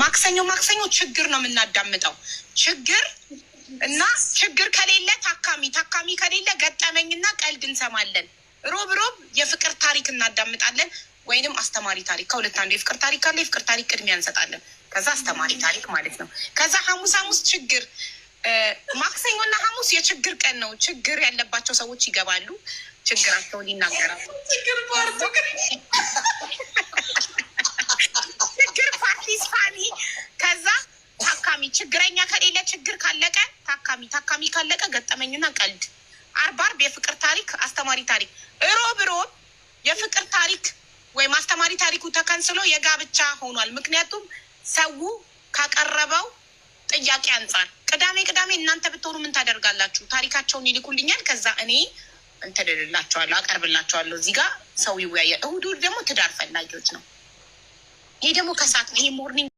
ማክሰኞ ማክሰኞ ችግር ነው የምናዳምጠው። ችግር እና ችግር ከሌለ ታካሚ ታካሚ ከሌለ ገጠመኝና ቀልድ እንሰማለን። ሮብ ሮብ የፍቅር ታሪክ እናዳምጣለን፣ ወይንም አስተማሪ ታሪክ። ከሁለት አንዱ የፍቅር ታሪክ ካለ የፍቅር ታሪክ ቅድሚያ እንሰጣለን፣ ከዛ አስተማሪ ታሪክ ማለት ነው። ከዛ ሐሙስ ሐሙስ ችግር ማክሰኞና ሐሙስ የችግር ቀን ነው። ችግር ያለባቸው ሰዎች ይገባሉ፣ ችግራቸውን ይናገራሉ። ችግረኛ ከሌለ ችግር ካለቀ ታካሚ፣ ታካሚ ካለቀ ገጠመኝና ቀልድ፣ አርብ አርብ የፍቅር ታሪክ አስተማሪ ታሪክ፣ እሮብ እሮብ የፍቅር ታሪክ ወይም አስተማሪ ታሪኩ ተከንስሎ የጋብቻ ሆኗል። ምክንያቱም ሰው ካቀረበው ጥያቄ አንጻር ቅዳሜ ቅዳሜ እናንተ ብትሆኑ ምን ታደርጋላችሁ? ታሪካቸውን ይልኩልኛል። ከዛ እኔ እንትን እልላቸዋለሁ፣ አቀርብላቸዋለሁ። እዚህ ጋር ሰው ይወያያል። እሁድ ደግሞ ትዳር ፈላጊዎች ነው። ይሄ ደግሞ ከሰዓት ነው። ይሄ ሞርኒንግ